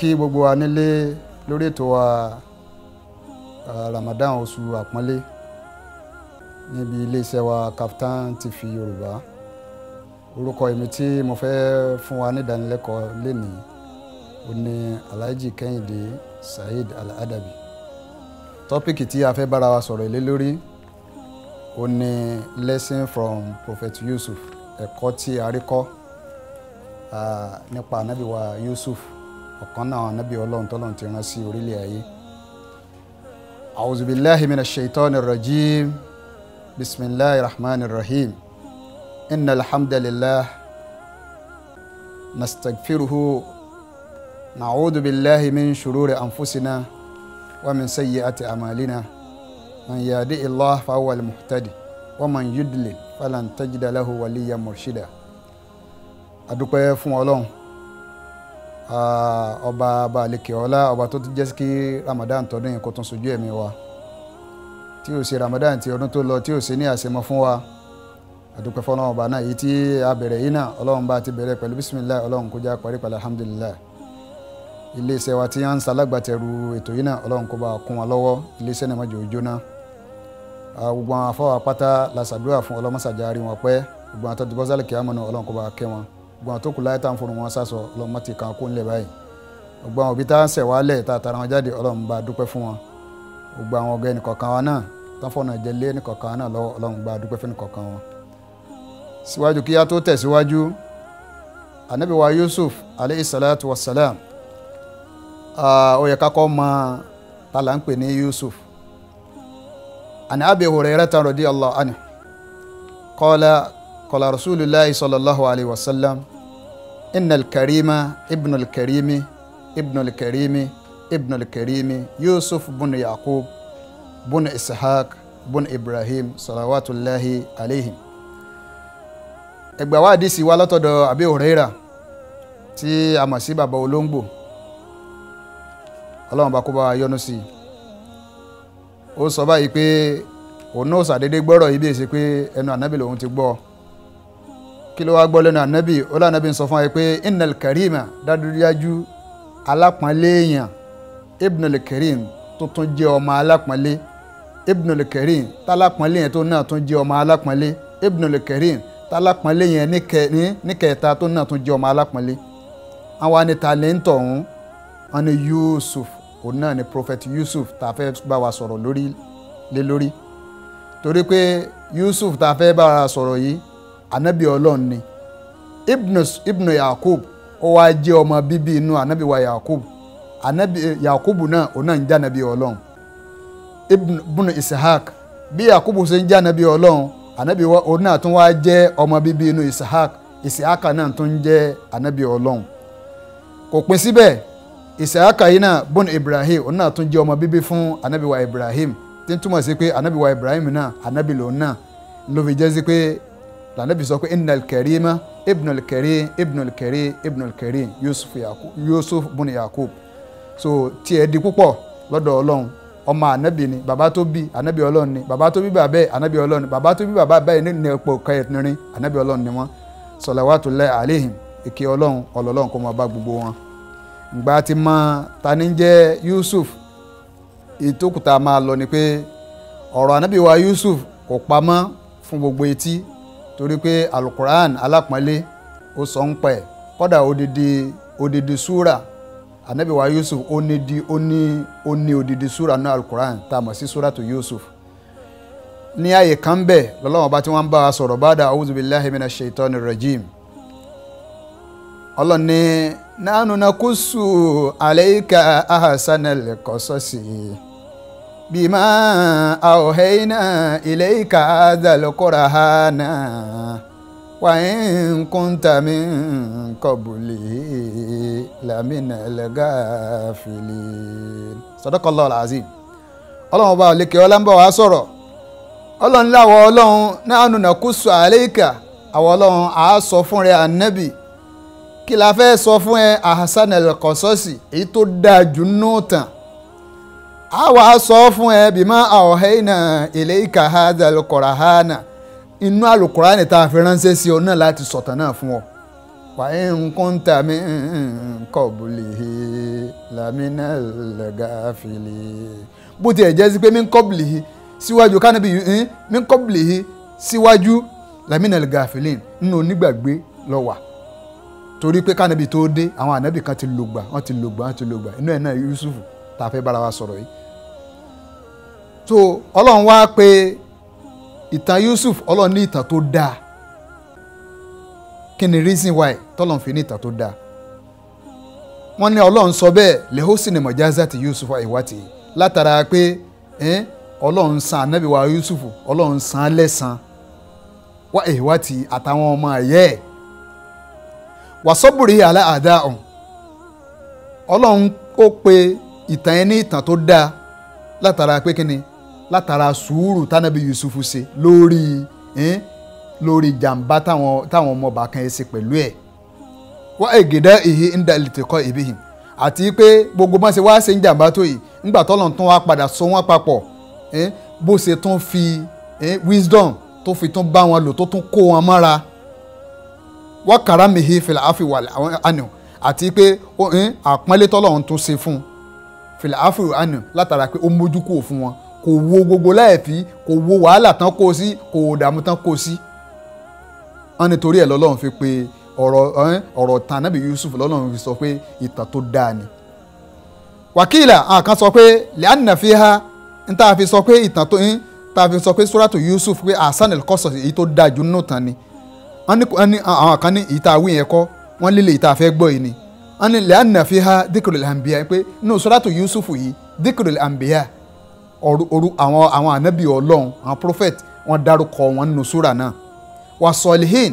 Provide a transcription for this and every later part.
kí gbogbo wa nílé lórí ètò wa Ramadan oṣù àpọ́nlé níbi iléeṣẹ́ wa Kaftan TV Yorùbá orúkọ èmi tí mo fẹ́ fún wa ní ìdánilẹ́kọ̀ọ́ lénìí ó ní Alhaji Kẹ́hìndé Saheed Al-Adabi tọ́pìkì tí a fẹ́ bára wa sọ̀rọ̀ ilé lórí ó ní lesson from Prophet Yusuf ẹ̀kọ́ tí a rí kọ́ nípa ànábì wa Yusuf ọ̀kan náà anábì ọlọ́run tọ́lọ́run ti rán sí orílẹ̀ ayé. auzubillahi minash shaitanir rajim bisimilahi rahmanir rahim inna alhamdulillah nastagfiruhu na'udu billahi min shururi anfusina wa min sayyiati amalina man yadi illah fa huwa muhtadi wa man yudlil falan tajida waliya murshida adúpẹ́ fún ọlọ́run ọba balẹ̀kẹ́ ọlá ọba tó ti jẹ́ kí Ramadan tọdún yìí kó tún sojú ẹ̀mí wa tí ò ṣe Ramadan ti ọdún tó lọ tí ò ṣe ní àṣemọ fún wa àdúpẹ́ fún ọlọ́run ọba náà èyí tí a bẹ̀rẹ̀ yìí náà ọlọ́run bá ti bẹ̀rẹ̀ pẹ̀lú bisimilayi ọlọ́run kó já parí pẹ̀lú alhamdulilayi iléeṣẹ́ wa tí a ń salágbàtẹ̀rù ètò yìí náà ọlọ́run kó bá kún wa lọ́wọ́ iléeṣẹ́ náà má jẹ́ ó jóná gbogbo àwọn afọwọ́ apáta la ṣàdúrà fún ọlọ́mọṣàjà rí wọn pẹ́ gbogbo àwọn tó ti ọlọ́run kó bá kẹ́ wọn gbọ́n àtòkù láyé tá à ń fọnù wọn sásọ ọlọ́run má ti kàn kó ńlẹ̀ báyìí gbogbo àwọn òbí tá à ń sẹ̀ wálẹ̀ tá a tara wọn jáde ọlọ́run bá dúpẹ́ fún wọn gbogbo àwọn ọ̀gá ẹnìkọ̀ọ̀kan wa náà tán fọ̀nà ìjẹ́lé ẹnìkọ̀ọ̀kan náà lọ́wọ́ ọlọ́run bá dúpẹ́ fún ẹnìkọ̀ọ̀kan wọn. síwájú kíyá tó tẹ̀síwájú anabi wa Yusuf aleyhi salatu wa salam ó yẹ kakọ́ mọ tala إن الكريم ابن الكريم ابن الكريم ابن الكريم يوسف بن يعقوب بن إسحاق بن ibrahim salawatullahi الله عليهم. wádìí sí wa látọ̀dọ̀ abi huraira tí a mọ̀ sí bàbá olóńgbò ọlọ́run bá kó bá yọ́nú sí i ó sọ báyìí pé òun náà ṣàdédé gbọ́rọ̀ yìí bí èsì pé ẹnu ànábì lòun ti gbọ́ ọ kí ló wá gbọ́ lẹ́nu ànábì ó Nabi, ànábì ń sọ fún wa pé innal karima dájúdájú alápọ̀nléèyàn ibnul karim tó tún jẹ́ ọmọ ibnul karim tálápọ̀nlé yẹn tó náà tún jẹ́ ọmọ ibnul karim tálápọ̀nlé yẹn níkẹta tó náà tún jẹ́ ọmọ alápọ̀nlé àwọn ni tàlẹ́ǹtọ̀ ọ̀hún wọn ni Yusuf òun náà ni prophet Yusuf tá a fẹ́ bá wa sọ̀rọ̀ lórí lé lórí torí pé Yusuf tá a fẹ́ bá wa sọ̀rọ̀ yìí anabi ọlọ́run ni ibnu yakub ó wá jẹ́ ọmọ bíbí inú anabi wa yakub anabi eh, yakub náà òun ń jẹ́ anabi ọlọ́run ibnu isahak bí yakub ṣe ń jẹ́ anabi ọlọ́run anabi òun náà tún wá jẹ́ ọmọ bíbí inú isahak isahak náà tún jẹ́ anabi ọlọ́run kò pín síbẹ̀ isahak yìí náà bọ́n ibrahim òun náà tún jẹ́ ọmọ bíbí fún anabi wa ibrahim tí ń túmọ̀ sí pé anabi wa ibrahim náà anabi lòun náà ló fi jẹ́ sí pé lànàbì sọ pé innal karima ibnul karim ibnul karim ibnul karim yusuf yakub yusuf bùnú yakub so tiẹ̀ di púpọ̀ lọ́dọ̀ ọlọ́run ọmọ ànábì ni bàbá tó bi ànábì ọlọ́run ni bàbá tó bí bàbá ẹ̀ ànábì ọlọ́run ni bàbá tó bí bàbá báyìí ní ẹ̀pọ̀ kẹrin ànábì ọlọ́run ni wọ́n salawatullahi alaihim ìkẹ́ ọlọ́run ọlọ́run kó máa bá gbogbo wọn. ìgbà tí mọ ta ni jẹ́ yusuf ìtókùtà máa lọ ni pé ọ̀rọ̀ ànábì wa yusuf kò pamọ́ fún gbogbo etí torí pé alukur'an alápọ̀nlé ó sọ ń pẹ̀ kọ́dà odidi odidi súra anabi wa yusuf ó ní di ó ní ó ní odidi súra náà alukur'an tá a mọ̀ sí súra tó yusuf ní ààyè kan bẹ̀ lọ́lọ́wọ́n bá tí wọ́n ń bá a sọ̀rọ̀ báda awúzu billahi mina shaitan rajim ọlọ́ni nánú na kùsù alayka ahasanal qasasi bima awhayna ileika hadhal qur'ana wa in kunta min qablihi laminal ghafilin. sadaqallahu al-azim ọlọ́run ọba òlekè ọlá ń bọ̀ wá sọ̀rọ̀ ọlọ́run láwọ̀ ọlọ́run nahnu naqusu alayka àwọn ọlọ́run á sọ fún rẹ ànábì kí la fẹ́ sọ fún ẹ ahsanal qasasi èyí tó dáa jù nù tán a wà á sọ fún ẹ bímọ àwọ̀hẹ́nà ilé ìka hadha alukurahana inú alukurahana tá a fi ránṣẹ́ sí ọ náà láti sọ̀tàn náà fún ọ. wàá nǹkan tà mí nǹkan bùlì lamina lẹ́gàfìlì. bó tiẹ̀ jẹ́ sí pé mí nǹkan bùlì síwájú kánábì yìí mí nǹkan bùlì síwájú lamina lẹ́gàfìlì nínú onígbàgbé lọ́wà torí pé kánábì tó dé àwọn ànábì kan ti lògbà wọ́n ti lògbà wọ́n ti lògbà inú ẹ̀ náà Yusuf tá bára wa sọ̀rọ̀ yìí so ọlọ́run wá pé ìtàn Yusuf ọlọ́run ní ìtàn tó dáa kí ni reason why tọ́lọ́run fi ní ìtàn tó dáa wọ́n ní ọlọ́run sọ bẹ́ẹ̀ lehosin mọ̀jáza ti Yusuf àìwátì látara ọlọ́run san anábìwá Yusuf ọlọ́run san wá àìwátì àtàwọn ọmọ ẹ̀yẹ́ wàsọ́bùrì àdá ọ̀hún ọlọ́run ó pe ìtàn ìtàn látara sùúrù tánàbí Yusuf ṣe lórí lórí jàǹbá táwọn táwọn ọmọ bàkan ẹ̀ ṣe pẹ̀lú ẹ̀ wá ègèdè ìhí ń da ìlìtẹ̀kọ́ ìbíhìn àti pé gbogbo bá ṣe wá ṣe ń jàǹbá tó yìí ńgbà tọ́lọ̀ tún wá padà so wọ́n papọ̀ bó ṣe tún fi wisdom tó fi tún bá wọn lò tó tún kó wọn mọ́ra wá kàrámìhí fìlà áfíwà àná àti pé àpọ́nlé tọ́lọ̀ tún ṣe fún fìlà áfíwà àná látara pé ó mójú kúrò fún wọn kò wo gbogbo láìfí kò wo wàhálà tán kó sí kò dààmú tán kó sí. wọ́n ní torí ẹ̀ lọ́lọ́run fi pe ọ̀rọ̀ ọ̀rọ̀ tàn nábì Yusuf lọ́lọ́run fi sọ pé ìtàn tó dáa ni. wàkìlà àwọn kan sọ pé lẹ́ànà fi ha ń tá a fi sọ pé ìtàn tó ń tá a fi sọ pé suratu Yusuf pé asan el-qasas èyí tó dáa jù nínú tán ni. wọ́n ní àwọn kan ní ìta àwìn yẹn kọ́ wọ́n líle ìta àfẹ́ gbọ́ yìí ni. wọ́n ní lẹ́ànà fi ha dhikrul anbiya pé nínú suratu Yusuf yìí dhikrul anbiya àwọn àwọn ànábì ọlọ́run àwọn prophet wọ́n dárúkọ wọn nínú súrà náà wà sọlihin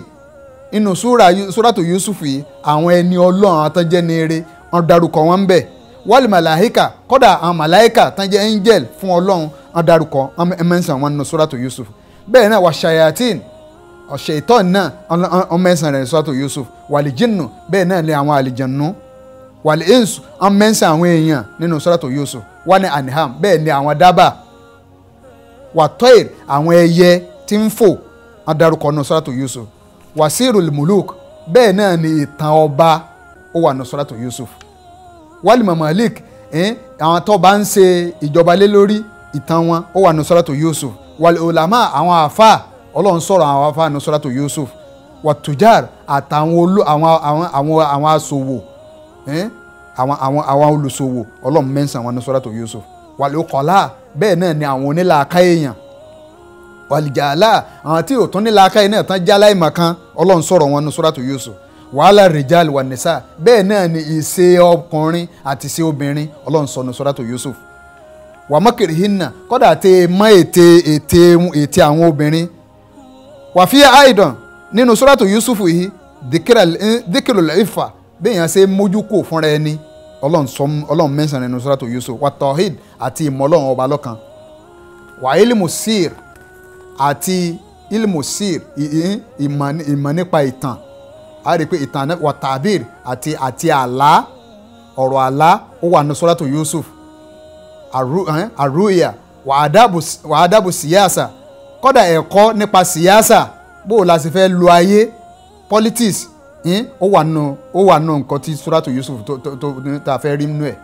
nínú súrà súràtò Yusuf yìí àwọn ẹni ọlọ́run àtọ́jẹ́ ní eré wọ́n dárúkọ wọn bẹ̀ wọ́ọ̀lì màláìkà kọ́dà àwọn màláìkà tọ́jẹ́ angel fún ọlọ́run wọ́n dárúkọ wọn mẹ́sàn wọn nínú súràtò Yusuf bẹ́ẹ̀ náà wà ṣayatin ọ̀ṣẹ̀ ìtọ́ náà wọ́n mẹ́sàn rẹ̀ súràtò Yusuf wàlì jinnu bẹ́ẹ̀ náà ni àwọn àlìjànú wàlì ins wọ́n mẹ́sàn àwọn èèyàn nínú súràtò Yusuf wọ́n ní aniham bẹ́ẹ̀ ni àwọn dábà wàtọ́ì àwọn ẹyẹ tí ń fò adarúkọ nù Yusuf wasiru muluk bẹ́ẹ̀ náà ni ìtàn ọba ó wà nù Yusuf wàlìmọ̀ malik eh, àwọn tó bá ń ṣe ìjọba lé lórí ìtàn wọn ó wà nù sọ́ràtò Yusuf wàlì olàmà àwọn àfa ọlọ́run sọ̀rọ̀ àwọn àfa nù sọ́ràtò Yusuf wàtújàr àtàwọn àwọn àwọn àwọn aṣòwò eh, àwọn àwọn àwọn olùsòwò ọlọ́run mẹ́sàn-án wọn ní suratu Yusuf wàlẹ́ òkọ́lá bẹ́ẹ̀ náà ni àwọn onílàáká èèyàn wàlìjàlá àwọn tí òtún nílàáká yìí náà tán jálá ìmọ̀ kan ọlọ́run sọ̀rọ̀ wọn ní suratu Yusuf wàhálà rìjàl wà nìsà bẹ́ẹ̀ náà ni ìṣe ọkùnrin àti ìṣe obìnrin ọlọ́run sọ ní suratu Yusuf wà mọ́kìrì hinna kọ́dà tẹ mọ́ ète ète ète àwọn obìnrin wà fi àìdàn nínú suratu Yusuf yìí dìkìrò lẹ́fà bẹ́ẹ̀ yẹn ṣe mójú kò fúnra ẹni ọlọ́run sọ ọlọ́run mẹ́sàn-án nínú sọ́dọ̀tò Yusuf wa tawhid àti ìmọ̀ ọlọ́run ọba lọ́kan wa ilmusir àti ilmusir ìmọ̀ nípa ìtàn a rí i pé ìtàn wa tabir àti àti àlá ọ̀rọ̀ àlá ó wà nínú sọ́dọ̀tò Yusuf àrùyà wa adabu síyàsà kọ́dà ẹ̀kọ́ nípa síyàsà bó o la sì fẹ́ lo ayé politics ó wà nù ó wà nù nǹkan tí suratu Yusuf tó tó tó ta fẹ́ rí nù ẹ̀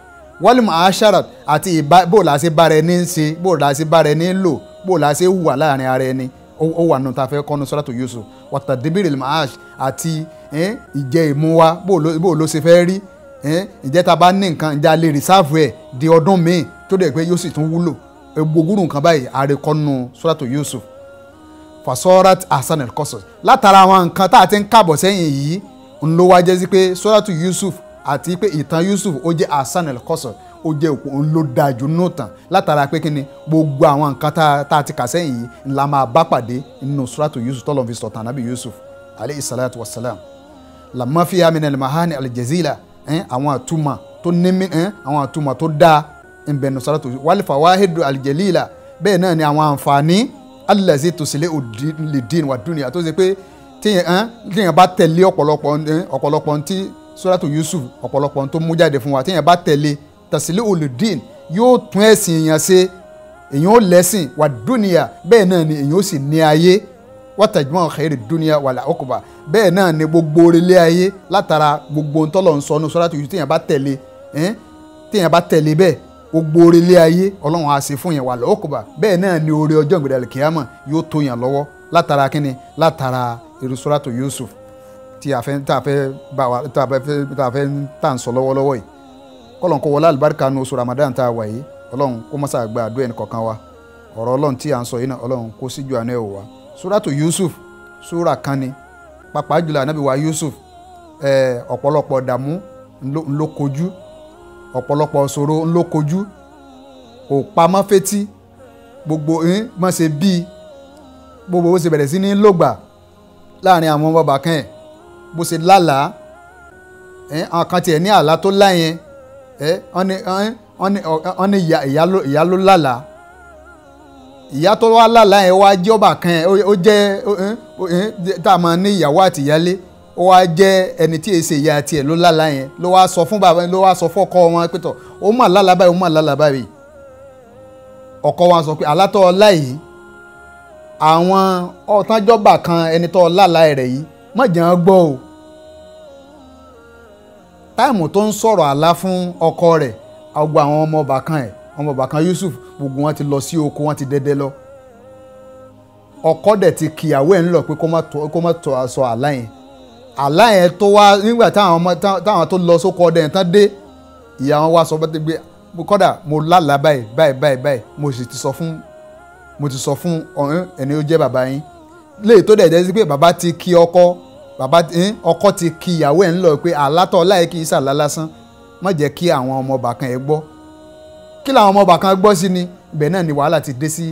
wal mu'asharat àti ìbá bó la ṣe bára ẹni ń ṣe bó la ṣe bára ẹni ń lò bó la ṣe hùwà láàrin ara ẹni ó wà nù ta fẹ́ kọ́nu suratu Yusuf wa tadbiril ma'ash àti ìjẹ́ ìmúwa bó ló ṣe fẹ́ rí ǹjẹ́ ta bá ní nǹkan ǹjẹ́ a lè rìsáàfù ẹ̀ di ọdún míì tó dẹ̀ pé yóò sì tún wúlò gbogbo nǹkan báyìí àrékọ́nu suratu Yusuf fasorat hasan elkoso látara àwọn nǹkan tá a ti ń kàbọ̀ sẹ́yìn yìí ń ló wá jẹ́ sí pé suratu yusuf àti pé ìtàn yusuf ó jẹ́ hasan elkoso ó jẹ́ òpó ń ló dájú nù tán látara pé kíni gbogbo àwọn nǹkan tá a ti kà sẹ́yìn yìí ńlá máa bá pàdé nínú suratu yusuf tọ́lọ́ fi sọ̀tàn ànábì yusuf aleyhi salatu wa salam lamafiya minal mahani aljazila àwọn àtúmọ̀ tó nímí àwọn àtúmọ̀ tó dáa ń bẹ̀nu suratu wal fawahidu aljalila bẹ́ẹ̀ náà ni àwọn àǹfààní alẹ́sẹ̀ tòsílẹ̀ lè dín wà dúnìyà tó ṣe pé téèyàn bá tẹ̀lé ọ̀pọ̀lọpọ̀ ọ̀pọ̀lọpọ̀ tí suratu Yusuf ọ̀pọ̀lọpọ̀ tó mú jáde fún wa téèyàn bá tẹ̀lé tòsílẹ̀ olè dín yóò tún ẹ̀sìn èèyàn ṣe èèyàn ó lẹ́sìn wà dúnìyà bẹ́ẹ̀ náà ni èèyàn ó sì ní ayé wọ́tàjúmọ́ xeyìrì dúnìyà wàlà ọkùnbà bẹ́ẹ̀ náà ni gbogbo orílẹ̀ ayé látara gbogbo ntọ́lọ̀ nsọ́nu suratu Yusuf téèyàn bá tẹ̀lé téèyàn bá tẹ̀lé bẹ́ẹ̀ gbogbo oore ilé ayé ọlọ́run á ṣe fún yẹn wà lọ́kọ̀ọ́bà bẹ́ẹ̀ náà ni oore ọjọ́ ìgbèdàlẹ̀ kìámọ̀ yóò tó yàn lọ́wọ́ látara kínni látara erusoratu Yusuf tí a fẹ́ tá a fẹ́ bá wa tá a fẹ́ tá a fẹ́ tá a ń sọ lọ́wọ́lọ́wọ́ yìí kọ́lọ́n kó wọlé àlùbáríkà nu oṣù Ramadan tá a wà yìí ọlọ́run kó mọ́sá gba àdúrà ẹnì kọ̀ọ̀kan wa ọ̀rọ̀ ọlọ́run tí a sọ yìí náà ọlọ́run kó síjú àánú ẹ̀ wò wá suratu Yusuf sura kan ni pàápàá jùlọ ànábì Yusuf, Yusuf ọ̀pọ̀lọpọ̀ dààmú ńlọ kojú ọ̀pọ̀lọpọ̀ ṣòro ń ló kojú kò pamọ́ fétí gbogbo ń mọ̀ ṣe bíi gbogbo bó ṣe bẹ̀rẹ̀ sí ní lògbà láàrin àwọn bàbá kan ẹ̀ bó ṣe lálàá àwọn kan tiẹ̀ ní àlá tó láyẹn wọ́n ní ìyá ló lálàá ìyá tó wá lálàá yẹn wá jẹ́ ọba kan ẹ̀ ó jẹ́ tá a máa ní ìyàwó àtìyálé ó wá jẹ́ ẹni tí èsè ìyá tiẹ̀ ló lálàá yẹn ló wá sọ fún bàbá ló wá sọ fọ́kọ wọn pé tọ̀ ó mà lálàá báyìí ó mà lálàá báyìí ọkọ wọn sọ pé alátọ́ ọlá yìí àwọn ọ̀tánjọ́bà kan ẹni tọ́ lálàá rẹ̀ yìí mọ̀jẹ̀ ń gbọ́ o táìmù tó ń sọ̀rọ̀ àlá fún ọkọ rẹ̀ ọgbà àwọn ọmọ ọba kan ẹ̀ ọmọ ọba kan Yusuf gbogbo wọn ti lọ sí oko wọn ti dẹ́dẹ́ lọ ọkọ dẹ̀ ti kìyàwó ẹ̀ ń pé kó má tọ́ aṣọ àlá yẹn àlá yẹn tó wá nígbà táwọn ọmọ táwọn tó lọ sóko ọdẹ yẹn tán dé ìyá wọn wá sọ pé gbé kọ́dà mo lálàá báyìí báyìí báyìí báyìí mo sì ti sọ fún mo ti sọ fún ọ̀hún ẹni ó jẹ́ bàbá yín léyìí tó dẹ̀ jẹ́ sí pé bàbá ti kí ọkọ bàbá ọkọ ti kí ìyàwó ẹ̀ ń lọ pé àlátọ̀ láyé kì í sàlá lásán má jẹ́ kí àwọn ọmọ bàkan ẹ̀ gbọ́ kí làwọn ọmọ bàkan gbọ́ sí ni ibẹ̀ náà ni wàhálà ti dé sí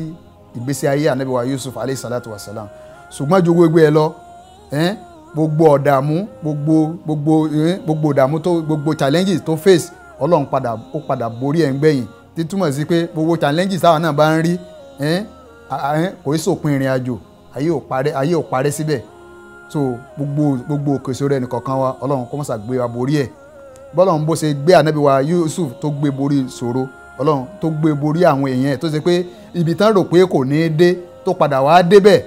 ìgbésí ayé ànábì Yusuf alayhi salatu wa salam ṣùgbọ́n ju gbogbo ẹ lọ gbogbo ọ̀dààmú gbogbo gbogbo gbogbo ọ̀dààmú tó gbogbo challenges tó face ọlọ́run padà ó padà borí ẹ̀ ń gbẹ̀yìn títúmọ̀ sí pé gbogbo challenges táwa náà bá ń rí kò í sòpin ìrìn àjò ayé ò parẹ́ ayé ò parẹ́ síbẹ̀ so gbogbo gbogbo òkèsórí ẹnì kọ̀ọ̀kan wa ọlọ́run kó mọ̀sá gbé wa borí ẹ̀ bọ́lọ́run bó ṣe gbé ànábì wa Yusuf tó gbé borí ìṣòro ọlọ́run tó gbé borí àwọn èèyàn ẹ̀ tó ṣe pé ibi tán rò pé kò ní í dé tó padà wá débẹ̀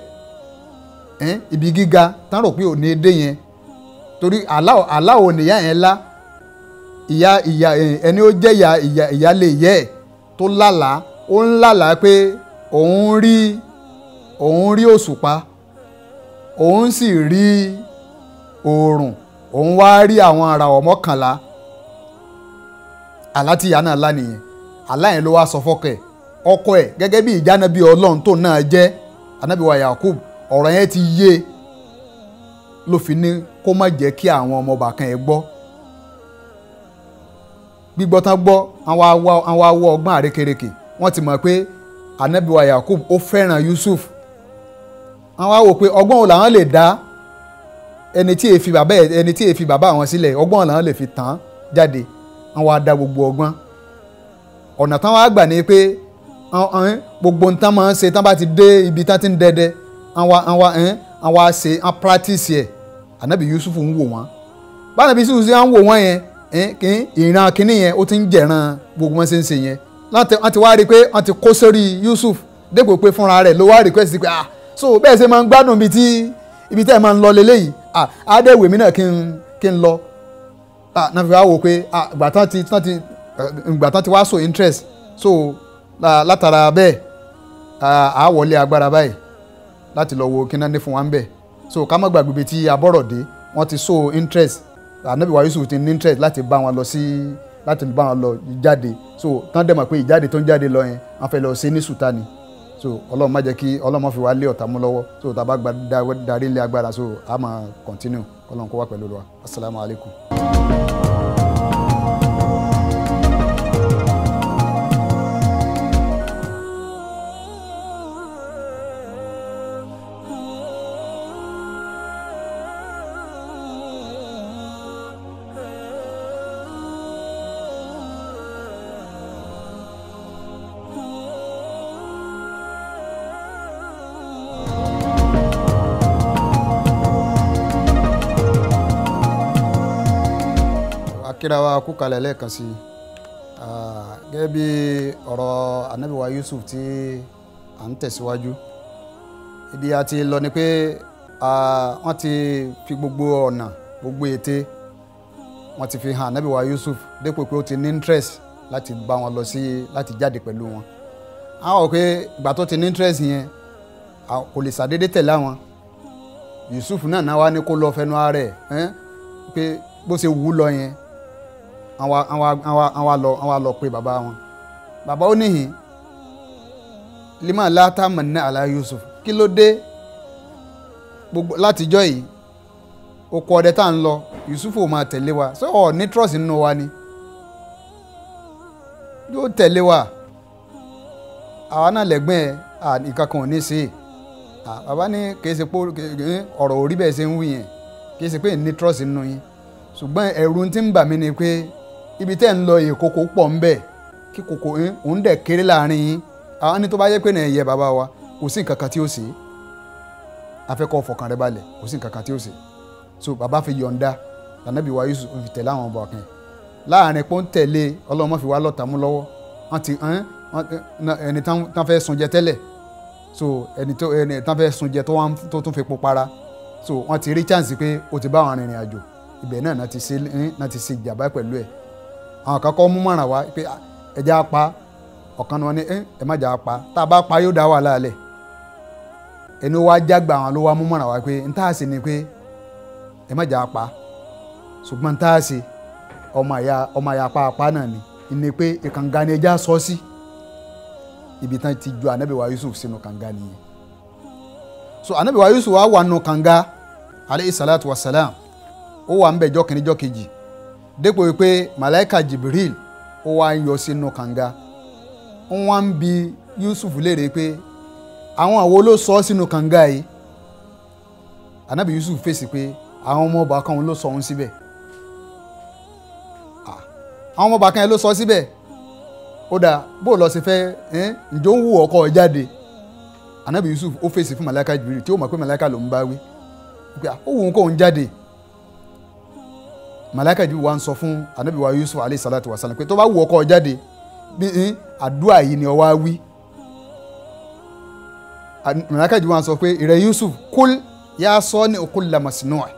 ibi gíga tán rò pé ò ní dé torí aláwo nìyá yẹn ìyá ìyá ẹni ó jẹ́ ìyá ìyá lè yẹ ẹ̀ tó lálàá ó ń lálàá pé òun rí òun rí òṣùpá òun sì rí oòrùn òun wá rí àwọn ara mọ́kànlá àlá tí náà lá nìyẹn ló wá sọ gẹ́gẹ́ bí ìjánabi ọ̀rọ̀ yẹn ti yé ló fi ní kó má jẹ́ kí àwọn ọmọ bàkan ẹ̀ gbọ́ gbígbọ́ tán gbọ́ àwọn awọ ọgbọ́n àrékèrèkè wọ́n ti mọ̀ pé anabiwa yakub ó fẹ́ràn yusuf àwọn awò pé ọgbọ́n wo làwọn lè dá ẹni tí èéfi bàbá ẹni tí èéfi bàbá àwọn sílẹ̀ ọgbọ́n wo làwọn lè fi tàn án jáde àwọn adá gbogbo ọgbọ́n ọ̀nà táwọn àgbà ni pé gbogbo ntán máa ń ṣe tán bá ti dé ibi tán ti ń dẹdẹ anwa anwa ɛn eh, anwa ase an practice yɛ anabi yusuf ń wò wọn bánabi yusuf ń wò wọn yẹn ɛn eh, kìí ìran kìíní yẹn ó ti ń jẹran gbogbo wọn ṣe ń ṣe yẹn láti wọn ti wá rí i pé wọn ti kó sórí yusuf dépò pé fúnra rẹ̀ ló wá request pé ah so bẹ́ẹ̀ ṣe máa ń gbádùn ibi tí ibi tẹ́ ẹ máa ń lọ lélẹ́yìí ah adéwèé mi náà kí n kí n lọ ah náà fi wá wò pé ah gbàtàn ti tán ti gbàtàn ti wá so interest so látara bẹ́ẹ̀ àá wọlé agbára báyìí láti lọ wo kíná ní fún wa ń bẹ̀ so ká má gbàgbé ibi tí abọ́rọ̀ dé wọ́n ti so interest anabi wa yusuf ti ní interest láti bá wọn lọ sí láti bá wọn lọ jáde so tán dẹ̀ mọ̀ pé ìjáde tó ń jáde lọ yẹn wọ́n fẹ́ lọ sí ní sùtánì so ọlọ́run má jẹ́ kí ọlọ́run fi wá lé ọ̀tá mú lọ́wọ́ so tá a darí lé agbára so a máa continue ọlọ́run kó wá pẹ̀lú wa asalaamualeykum. kíra wa kú kalẹ̀ lẹ́ẹ̀kan sí i gẹ́gẹ́ bí ọ̀rọ̀ Yusuf tí à ń tẹ̀síwájú ibi a ti lọ ni pé wọ́n ti fi gbogbo ọ̀nà gbogbo ète wọ́n ti fi hàn ànábì Yusuf dépò pé ó ti ní interest láti bá wọn lọ sí láti jáde pẹ̀lú wọn àwọn ò pé ìgbà tó ti ní interest yẹn kò lè ṣàdédé tẹ̀lé àwọn Yusuf náà náà wá ní kó lọ fẹnu ara ẹ̀ pé bó ṣe wù ú lọ yẹn àwọn àwọn àwọn àwọn lọ àwọn lọ pé bàbá wọn bàbá ó níhìn lima lata mọ̀nà àlá Yusuf kí ló dé gbogbo látijọ́ yìí oko ọdẹ tá à ń lọ Yusuf ò máa tẹ̀lé wa ṣé ọ̀ ní trust nínú wa ni yóò tẹ̀lé wa àwa náà lẹ́gbẹ́ ẹ̀ nǹkan kan ò ní ṣe bàbá ní kìí ṣe pé ọ̀rọ̀ òrí bẹ́ẹ̀ ṣe ń wí yẹn kìí ṣe pé ní trust nínú yín ṣùgbọ́n ẹ̀rù ti ń bà mí ni pé ibi tẹ́ ń lọ ìkòkò pọ̀ ń bẹ̀ kí kòkò eh, òun dẹ̀ kéré láàrin yín àwọn ní tó bá yẹ pé náà yẹ bàbá wa kò sí nǹkan kan tí ó ṣe afẹ́kọ̀ọ́ fọkàn rẹ balẹ̀ kò sí nǹkan kan tí ó ṣe so bàbá fi yọ̀ǹda lànàbí wa Yusuf fi tẹ̀lé àwọn ọba ọ̀kan láàrin pé ó ń tẹ̀lé ọlọ́mọ fi wá lọ́ta mú lọ́wọ́ eh, eh, ẹni tán fẹ́ sun jẹ tẹ́lẹ̀ so ẹni tán fẹ́ sun jẹ tó tún fi pupara so wọ́n ti rí chance pé ó ti bá àwọn arìnrìn àjò ibẹ̀ náà náà ti ṣe ìjàmbá pẹ̀lú ẹ̀ àwọn kan kọ́ mú mọ̀ràn wá pé ah, ẹja pa ọ̀kan ni wọ́n ní eh, ẹ má jà pa tá a bá pa yóò dá wàhálà lẹ̀ ẹni wá jágbà àwọn ló wá mú mọ̀ràn wá pé n tá a sì ni pé ẹ má jà pa ṣùgbọ́n n tá a sì ọmọ àyà ọmọ àyà paapaa náà ni ìní pé ìkànga ni ẹja sọ sí ibi tán ti ju anabi Yusuf sínú kànga nìyẹn so anabi wa Yusuf wa wà nù kànga aleyhi salatu wa salam ó wà ń bẹ̀ jọ́kìnrin jọ́kejì dépò wípé màláìka Jibril ó wá ń yọ sínú kànga wọ́n ń bi Yusuf léèrè pé àwọn àwo ló sọ ọ́ sínú kànga yìí anabi Yusuf fèsì pé àwọn ọmọ ọba kan ló sọ òun síbẹ̀ àwọn ọmọ ọba kan ló sọ síbẹ̀ ó dáa bó lọ sí fẹ́ ǹjọ́ ń wù ọkọ jáde anabi Yusuf ó fèsì fún màláìka Jibril tí ó mọ̀ pé màláìka ló ń bá wí ó wù ú kó ń jáde màláíkà Jibril wa ń sọ fún anabi wa Yusuf alayhi salatu wa salam pé tó bá wù ọkọ jáde bí n àdúrà yìí ni ọ wá wí màláíkà Jibril wa ń sọ pé ìrẹ Yusuf kúl yá sọ ní kulla masnua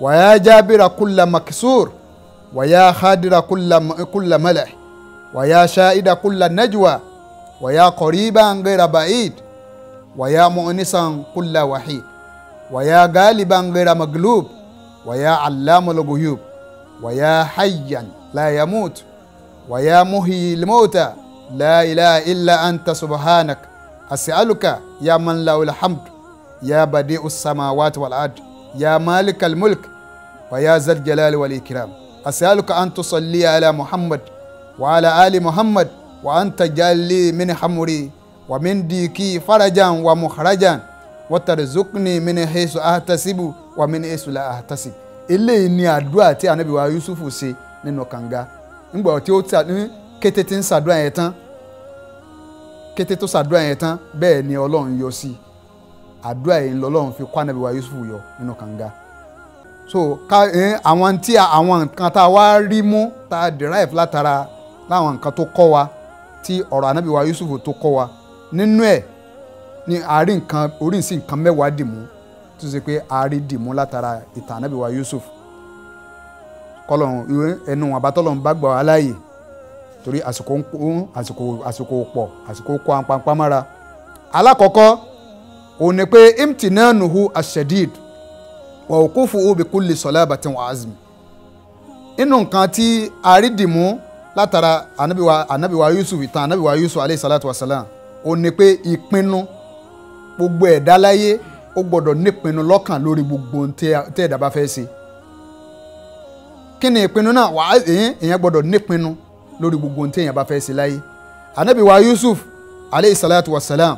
wà yá jábìrà kulla makisur wà yá hadira kulla malẹ wà yá ṣáìdà kulla najwa wà yá qariban ghayra ba'id wà yá mu'nisan kulla wahid wà yá ghaliban ghayra maglub wà yá allamul ghuyub. ويا حيا لا يموت ويا مهي الموتى لا إله إلا أنت سبحانك أسألك يا من له الحمد يا بديء السماوات والأرض يا مالك الملك ويا ذا الجلال والإكرام أسألك أن تصلي على محمد وعلى آل محمد وأن تجعل لي من حمري ومن ديكي فرجا ومخرجا وترزقني من حيث أحتسب ومن حيث لا أحتسب eléyìí ni àdúrà tí anabi wa Yusuf ṣe nínú kànga nígbà tí ó ta ní kété tí ń ṣàdúrà yẹn tán kété tó ṣàdúrà yẹn tán bẹ́ẹ̀ ni Ọlọ́run yọ sí àdúrà yẹn lọ́lọ́run fi kó anabi wa yọ nínú kànga so ká àwọn tí àwọn nǹkan tá a wá rí mú tá a derive látara láwọn nǹkan tó kọ́ wa tí ọ̀rọ̀ anabi wa tó kọ́ wa nínú ẹ̀ ni àárín nǹkan orí ìsìn nǹkan mẹ́wàá dì mú tó ṣe pé àárí dìmú látara ìtàn ànábì wa Yusuf kọlọ̀hún ìwé ẹnu àbátọ́lọ́hún bá gbà wá láàyè torí àsìkò ń àsìkò àsìkò pọ̀ àsìkò kọ́ àpapọ̀ mára alákọ̀ọ́kọ́ òun ni pé imtinanuhu ashadid wa wuqufuhu bi kulli salabatin wa azmi inú nǹkan tí àrídìmú látara anabiwa anabiwa Yusuf ìtàn anabiwa Yusuf aleyhi salatu wa salam òun ni pé ìpinnu gbogbo ẹ̀dá láyé ó gbọ́dọ̀ nípinnu lọ́kàn lórí gbogbo ohun tí ẹ̀dá bá fẹ́ ṣe kí ni ìpinnu náà wàá èèyàn gbọ́dọ̀ nípinnu lórí gbogbo ohun tí èèyàn bá fẹ́ ṣe láyé anabi wa yusuf aleyhi salatu wa salam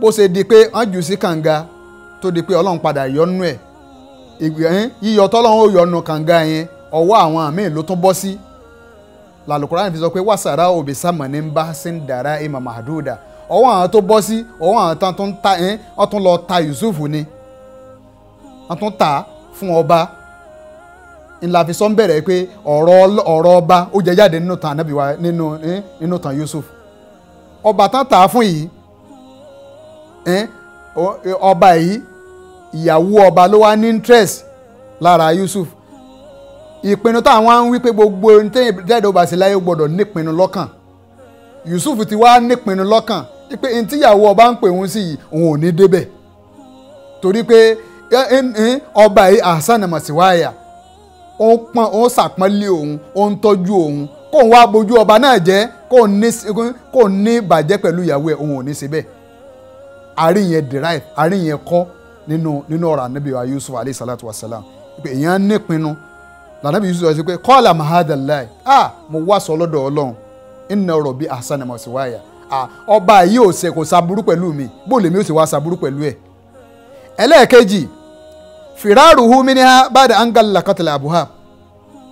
bó ṣe di pé wọ́n jù sí kànga tó di pé ọlọ́run padà yọnu ẹ̀ yíyọ tọ́lọ́run ó yọnu kànga yẹn ọwọ́ àwọn àmì ló tún bọ́ sí lálùkùránì fi sọ pé wàsàrà òbí sàmọ̀ ní bá sí ń dàrá ìmọ̀ màdúdà ọwọ́ àwọn tó bọ́ sí ọwọ́ àwọn tán tó ń ta ẹ́ wọ́n tún lọ ta Yusuf ni wọ́n tún ta fún ọba ńlá fi sọ ń bẹ̀rẹ̀ pé ọ̀rọ̀ ọ̀rọ̀ ọba ó jẹ jáde nínú tàn ànábì wa nínú nínú tàn Yusuf ọba tán tà á fún yìí ọba yìí ìyàwó ọba ló wá ní interest lára Yusuf ìpinnu táwọn á ń wí pé gbogbo tẹ́yìn tẹ́yìn tó bá sí láyé gbọ́dọ̀ nípinnu lọ́kàn Yusuf ti wá nípinnu lọ́kàn pé n tíyàwó ọba ń pè òun sí yìí òun ò ní débẹ̀ torí pé ọba yìí àṣàn àmọ̀síwáyà òun pọn òun ṣàpọ́nlé òun òun tọ́jú òun kóun wá bojú ọba náà jẹ́ kóun ní bàjẹ́ pẹ̀lú ìyàwó ẹ̀ òun ò ní ṣe bẹ́ẹ̀ àárín yẹn derive àárín yẹn kọ́ nínú nínú ọ̀rọ̀ anabi wa yusuf alayhi salatu wa salam pé èèyàn nípinnu lànàbí yusuf sọ pé kọ́ọ̀là mahadalai ah mo wá sọ lọ́dọ̀ ọlọ́run inna rabbi ahsana maswaya ọba yìí ò ṣe kò ṣàbúrú pẹ̀lú mi bó lèmi ò sì wá ṣàbúrú pẹ̀lú ẹ̀. ẹlẹ́ẹ̀kejì firaruhu miniha bada angal lakatala abuha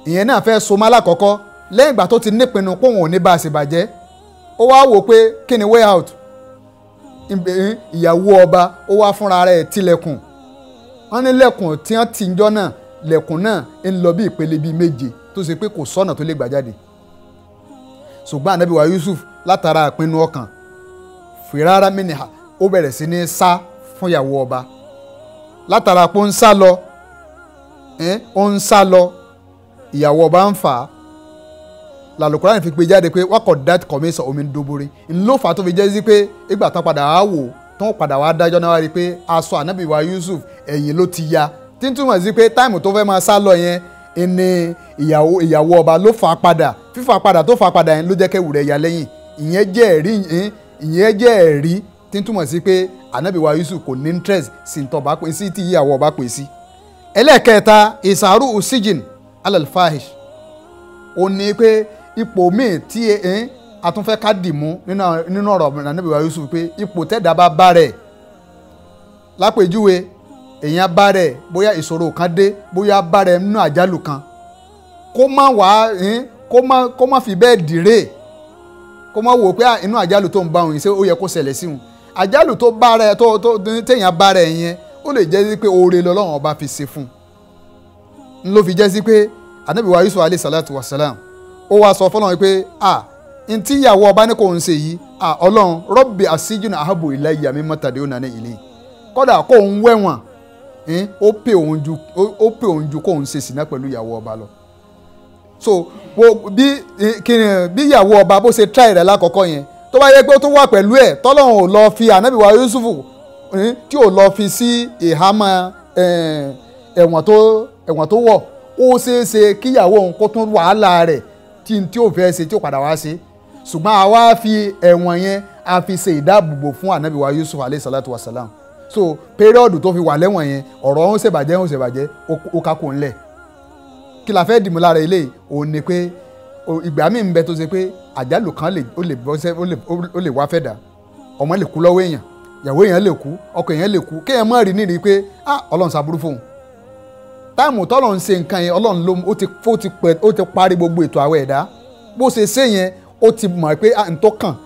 ìyẹn náà fẹ́ so mọ́lá kọ́kọ́ lẹ́yìn ìgbà tó ti nípinnu pé òun ò ní bá a ṣe bàjẹ́ ó wá wò pé kí ni way out ìyàwó ọba ó wá fúnra rẹ̀ tilẹ̀kùn wọ́n ní lẹ́kùn tí wọ́n ti ń jọ́ náà lẹ́kùn náà ń lọ bí ìpele bíi méje tó ṣe pé kò sọ́nà tó lè gbà jáde ṣùgbọ́n anabi wa yusuf látara àpinnu ọkàn fìrara mìnìhà ó bẹ̀rẹ̀ sí ní sá fún ìyàwó ọba látara pé ó ń sá lọ ó ń sá lọ ìyàwó ọba ń fà á làlùkùránì fi pe jáde pé wákọ̀ dat kọ̀mẹ́sọ̀ omi ń dóbore ńlọ́fà tó fi jẹ́ sí pé ìgbà tán padà á wò tán padà wá dájọ́ náà wá rí i pé aṣọ ànábì wa yusuf ẹ̀yìn ló ti ya tí ń túmọ̀ sí pé táìmù tó fẹ́ máa sá lọ yẹn ni ìyàwó ìyàwó ọba ló fà padà fífà padà tó fà padà yẹn ló jẹ́ kẹ́wù rẹ̀ yà lẹ́yìn ìyẹn jẹ́ ẹ̀rí ìyẹn jẹ́ ẹ̀rí tí ń túmọ̀ sí pé anabi yusuf kò ní interest sí tọba pé sí tí ìyàwó ọba pè sí. ẹlẹ́ẹ̀kẹta ìsàrú usijin alalfahish ó ní pé ipò míì tí a tún fẹ́ ká dì mú nínú ọ̀rọ̀ anabi yusuf pé ipò tẹ́dá bá bá rẹ̀ lápèjúwe èèyàn bá rẹ̀ bóyá ìṣòro kan dé bóyá bá rẹ̀ nínú àjálù kan kó má wàá kó má kó má fi bẹ́ẹ̀ dìré kó má wò pé inú àjálù tó ń bá òun yìí ṣé ó yẹ kó ṣẹlẹ̀ sí òun àjálù tó bá rẹ̀ tó tó téèyàn bá rẹ̀ yẹn ó lè jẹ́ pé oore lọ́lọ́run ọba fi ṣe fún un ló fi jẹ́ sí pé anabi wa yusuf alayhi salatu wa salam ó wá sọ fọlọ́run pé a ntí ìyàwó ọba ní kò ń ṣe yìí a ọlọ́run rọ́bì àṣíjú náà àhábò ìlà ìyàmí mọ́tàdé ó nà ní ìlé kọ́dà kò ń wẹ̀wọ̀n ó pè òun ju ó pè òun ju kóun ṣe sìná pẹ̀lú ìyàwó ọba lọ so wo bí kìnì bí ìyàwó ọba bó ṣe try rẹ̀ lákọ̀ọ́kọ́ yẹn tó bá yẹ pé ó tún wà pẹ̀lú ẹ̀ tọ́lọ́run ò lọ fi ànábìwá Yusufu tí ò lọ fi sí ìhámọ́ ẹ̀wọ̀n tó ẹ̀wọ̀n tó wọ̀ ó ṣeé ṣe kíyàwó òun kó tún wàhálà rẹ̀ tí tí ò fẹ́ ṣe tí ò padà wá ṣe ṣùgbọ́n àwa fi ẹ̀wọ̀n yẹn a fi ṣe ìdáàbòbò fún ànábìwá Yusuf alayhi salatu wa salam so pẹ́rọ́ọ̀dù tó fi wà lẹ́wọ̀n yẹn ọ̀rọ̀ ọ̀hún ṣèbàjẹ́ ọ̀hún ṣèbàjẹ́ ó kákò ńlẹ̀ kí la fẹ́ dìmú lára eléyìí òun ni pé ìgbà míì ń bẹ tó ṣe pé àjálù kan ó lè bọ́sẹ̀ ó lè wá fẹ́ dà ọmọ lè kú lọ́wọ́ èèyàn ìyàwó èèyàn lè kú ọkọ èèyàn lè kú kéèyàn má rí nírìí pé ah ọlọ́run ṣàbúrú fóun táàmù tọ́lọ̀ ń ṣe nǹkan yẹn ọlọ́run ló ó ti ó ti pẹ ó ti parí gbogbo ètò àwọ̀ ẹ̀dá bó ṣe ṣe yẹn ó ti mọ̀ pé à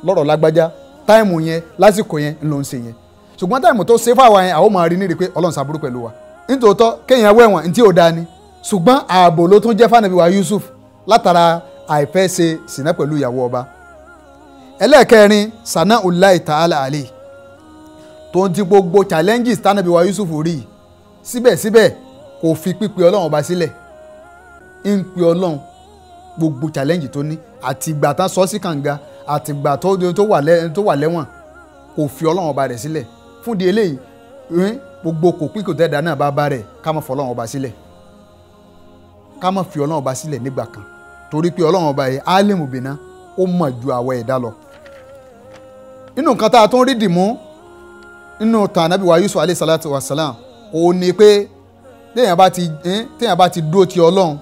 lọ́rọ̀ lágbájá táàmù yẹn lásìkò yẹn ló ń ṣe yẹn ṣùgbọ́n táìmù tó ṣe fáwa yẹn àwọn máa rí ní rí pé ọlọ́run ṣàbúrú pẹ̀lú wa nítòótọ́ kéèyàn wẹ̀wọ̀n ntí ò dáa ni ṣùgbọ́n ààbò ló tún jẹ́ fànàbí Yusuf látara àìfẹ́ ṣe sìnà pẹ̀lú ìyàwó ọba ẹlẹ́ẹ̀kẹrin sana ulai ta'ala ali tó ń ti gbogbo challenges tánàbí wa Yusuf rí síbẹ̀síbẹ̀ kò fi pípe ọlọ́run ọba sílẹ̀ ń pe ọlọ́run gbogbo challenge tó ní àtìgbà tán sọ sí kànga àtìgbà tó wà lẹ́wọ̀n kò fi ọlọ́run ọba rẹ̀ sílẹ̀ fún di eléyìí eh, gbogbo kò pín kò tẹ́ẹ̀dá náà bá bá rẹ̀ ká má fọ ọlọ́run ọba sílẹ̀ ká má fi ọlọ́run ọba sílẹ̀ nígbà kan torí pé ọlọ́run ọba yìí álẹ́mù bìnná ó mọ̀ ju àwọ̀ ẹ̀dá lọ. nínú nǹkan tá a tún rí dìmú nínú tàn ànábì wa Yusuf alayhi salatu wa salam òun ni pé téèyàn bá ti eh, téèyàn bá ti dúró ti ọlọ́run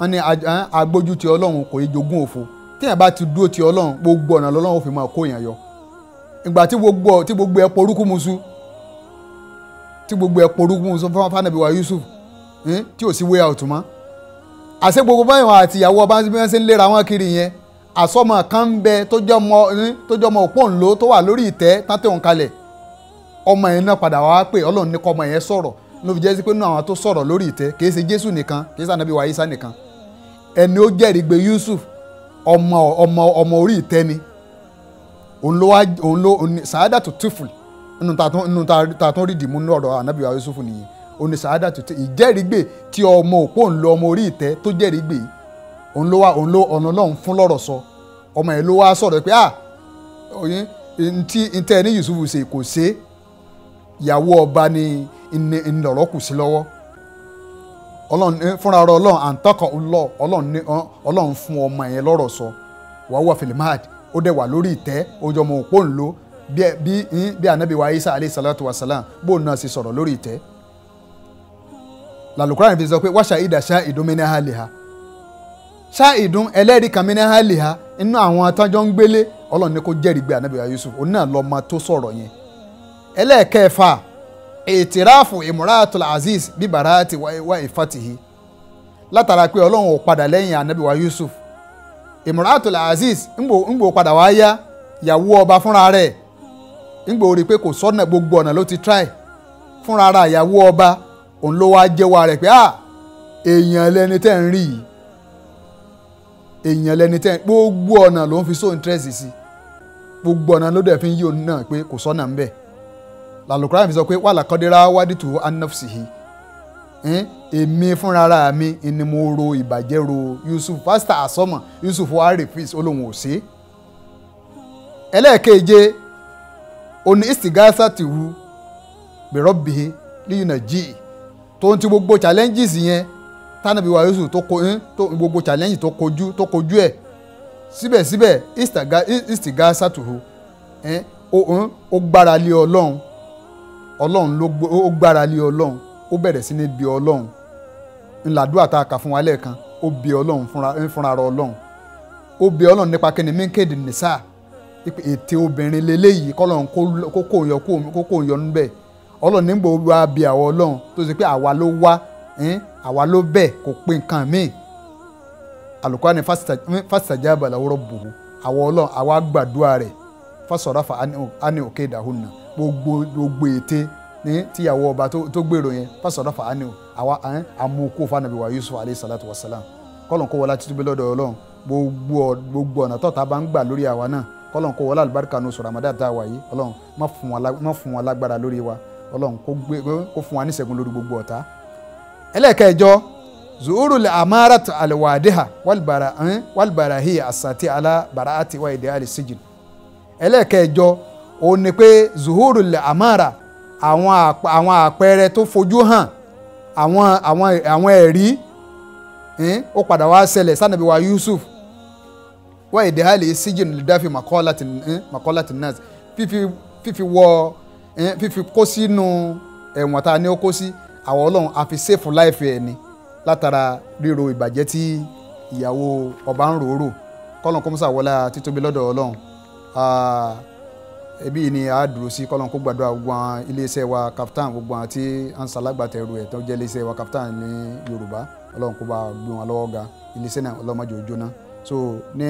wọn ni eh, agbójú ti ọlọ́run kò í jogún òfo téèyàn bá ti dúró ti ọlọ́run gbogbo ọ̀nà lọ́lọ́run ó fi máa kó èèyàn yọ ìgbà tí gbogbo tí gbogbo ẹ porúkú musu tí gbogbo ẹ porúkú musu fanabi wa Yusuf tí ò sí way out mọ́ àṣẹ gbogbo báyìí wọn àti ìyàwó ọba bí wọ́n ṣe ń léra wọn kiri yẹn àsọmọ kan ń bẹ tó jọmọ òpónlò tó wà lórí ìtẹ́ tán tẹ̀ òun kalẹ̀ ọmọ yẹn náà padà wá pé ọlọ́run ní kọ́ ọmọ yẹn sọ̀rọ̀ ló fi jẹ́ sí pé nínú àwọn tó sọ̀rọ̀ lórí ìtẹ́ kì í ṣe jésù nìkan kì í ṣe ànábì wa Ìsá nìkan ẹni ó jẹ́rìí gbé Yusuf ọmọ ọmọ ọmọ orí ìtẹ́ ni òun ló wá òun ló sàádà tó tìfù nínú tààtún rídìí mú ọ̀rọ̀ ànábìwá Yusuf nìyí òun ni sàádà tó tìfù ìjẹ́rìígbè tí ọmọ òpó ń lọ ọmọ orí ìtẹ́ tó jẹ́rìígbè òun ló wá òun ló ọ̀nà Ọlọ́run fún lọ́rọ̀ sọ ọmọ ẹ̀ ló wá sọ̀rọ̀ pé ah oyin ntí ntẹ́ ní Yusuf ṣe kò ṣe ìyàwó ọba ni ńlọrọ̀ kù sí lọ́wọ́ ọlọ́run eh, fúnra ọ̀rọ̀ ọlọ́run àǹtọ́kọ̀ ọlọ́run fún ọmọ yẹn lọ́rọ̀ sọ wàá wà fìlímáàdì ó dẹ̀ wà lórí ìtẹ́ ojú ọmọ òpó ńlò bí bí anabi hm, wa isa alayhi salatu wa salam bó náà sì sọ̀rọ̀ lórí ìtẹ́ làlùkùránì fi sọ pé wáṣà ìdà ṣá ìdún mi ní hali ha ṣá ìdún ẹlẹ́rìí kan mi ní hali ha inú àwọn atánjọ́ ń gbélé ọlọ́run ní kó jẹ́rìí gbé anabi wa yusuf òun náà lọ́ọ́ máa tó sọ̀rọ̀ yẹn ẹlẹ́ẹ̀kẹfà ètìráàfù imuratul aziz bíbára ti wá ìfàtìhí látara pé ọlọ́run ò padà lẹ́yìn anabi wa yusuf Imratul Aziz ńgbò padà wá yá ọba fúnra rẹ̀ ńgbò rí pé kò sọ́nà gbogbo ọ̀nà ló ti try fúnra ara ìyàwó ọba òun ló wáá jẹ́wọ́ rẹ̀ pé ah, èèyàn lẹni tẹ́ ń rí yìí èèyàn lẹni tẹ́ gbogbo ọ̀nà ló ń fi so interest sí gbogbo ọ̀nà ló dẹ̀ fi ń yí òun náà pé kò sọ́nà ń bẹ̀ mi sọ pé wàlàkọ́dẹ́rà wádìí èmi fúnra mi ni mo ro ìbàjẹ́ ro Yusuf pásítà àsọmọ Yusuf wa refuse olóhùn ò sí. ẹlẹ́ẹ̀keje oní istigasa ti ru bẹ̀rọ̀bì líyìnà jí tó ń ti gbogbo challenges yẹn tánàbí wa Yusuf tó ko tó gbogbo challenge tó kojú tó kojú ẹ̀ síbẹ̀síbẹ̀ istigasa ti ru ó gbára lé ọlọ́run ọlọ́run ló gbára lé ọlọ́run ó bẹ̀rẹ̀ sí ní bí ọlọ́run ńlàdúrà tá a kà fún wa lẹ́ẹ̀kan ó bí ọlọ́run fúnra rọ ọlọ́run ó bí ọlọ́run nípa kíni mínkèdè nìsá ètè obìnrin lélẹ́yìí kọ́lọ́run kókó yọ kókó yọ níbẹ̀ ọlọ́run nígbà ó wá bí ọlọ́run tó wá àwa ló bẹ̀ kò nǹkan míì ni fásitàjáàbà làwòrán bùhù àwa ọlọ́run àwa gbàdúrà rẹ̀ fásọ̀ráfà á ní òkè ìdáhùn náà gbogbo ètè ní tíyàwó ọba tó gbèrò yẹn pásọ̀rọ̀ fàánù àwa àmúkó fanabi wa Yusuf alayhi salatu wa salam kọ́lọ̀ kó wọlá títúbí lọ́dọ̀ ọlọ́run gbogbo ọ̀nà tọ́ta bá ń gbà lórí àwa náà kọ́lọ̀ kó wọlá àlùbáríkà ní oṣù Ramadan tá a wà yìí ọlọ́run má fún wọn lágbára lórí wa ọlọ́run kó fún wa níṣẹ́gun lórí gbogbo ọ̀tá. ẹlẹ́kẹ̀ẹ́jọ zuhuru amarat alwadiha walbarahi asati ala baraati wa ide alisijin ẹlẹ́kẹ̀ẹ́jọ òun ni pé zuhuru amara àwọn àwọn àpẹẹrẹ tó fojú hàn àwọn àwọn àwọn ẹ̀rí ó padà wá ṣẹlẹ̀ sànàbí wa Yusuf wá èdè hàlẹ́ síjìn lùdáfì makọ́látì nas fífi fífi wọ fífi kó sínú ẹ̀wọ̀n tá a ní ó kó sí àwọn ọlọ́run a fi ṣèfù láìfẹ́ ẹ̀ ni látara ríro ìbàjẹ́ tí ìyàwó ọba ń rò ó rò kọ́lọ́n kọ́mọ́sà wọlé títóbi lọ́dọ̀ ọlọ́run ẹbí ni a dúró sí kọ́lọ́n kó gbàdúrà gbogbo àwọn iléeṣẹ́ wa Kaftan gbogbo àwọn tí à ń salágbàtẹ̀rù ẹ̀ tó jẹ́ iléeṣẹ́ wa Kaftan ní Yorùbá ọlọ́run kó bá gbé wọn lọ́wọ́ ga iléeṣẹ́ náà ọlọ́mọdé òjò náà so ní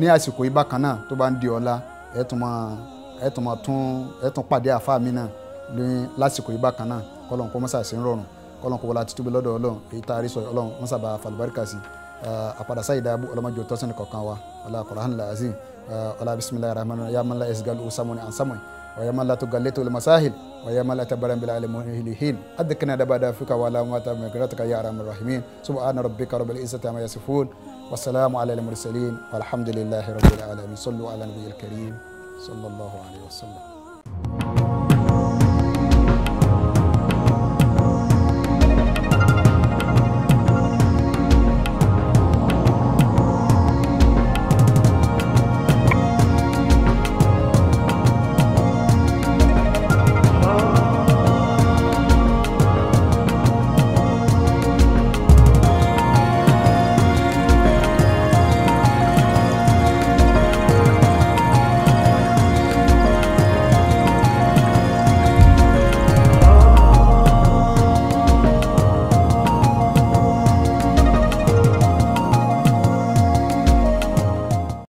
ní àsìkò yìí bákan náà tó bá ń di ọ̀la ẹ̀ tún máa ẹ̀ tún máa tún ẹ̀ tún pàdé àfa mi náà ní lásìkò yìí bákan náà kọ́lọ́n kó mọ́sà sí rọrùn kọ́lọ́n kó wọlá títúbi lọ́dọ̀ ọlọ́run a rí sọ ọlọ́run mọ́sà bá falùbáríkà sí àpàdásá ìdáàbò ọlọ́mọdé ولا آه، بسم الله الرحمن الرحيم يا من لا يسجل أسمون عن سمون ويا من لا تقلت المساهل ويا من لا تبرم بالعلم والهين أدكنا دبادا فيك ولا موت مغرتك يا رحم الراحمين سبحان ربك رب العزة عما يصفون والسلام على المرسلين والحمد لله رب العالمين صلوا على النبي الكريم صلى الله عليه وسلم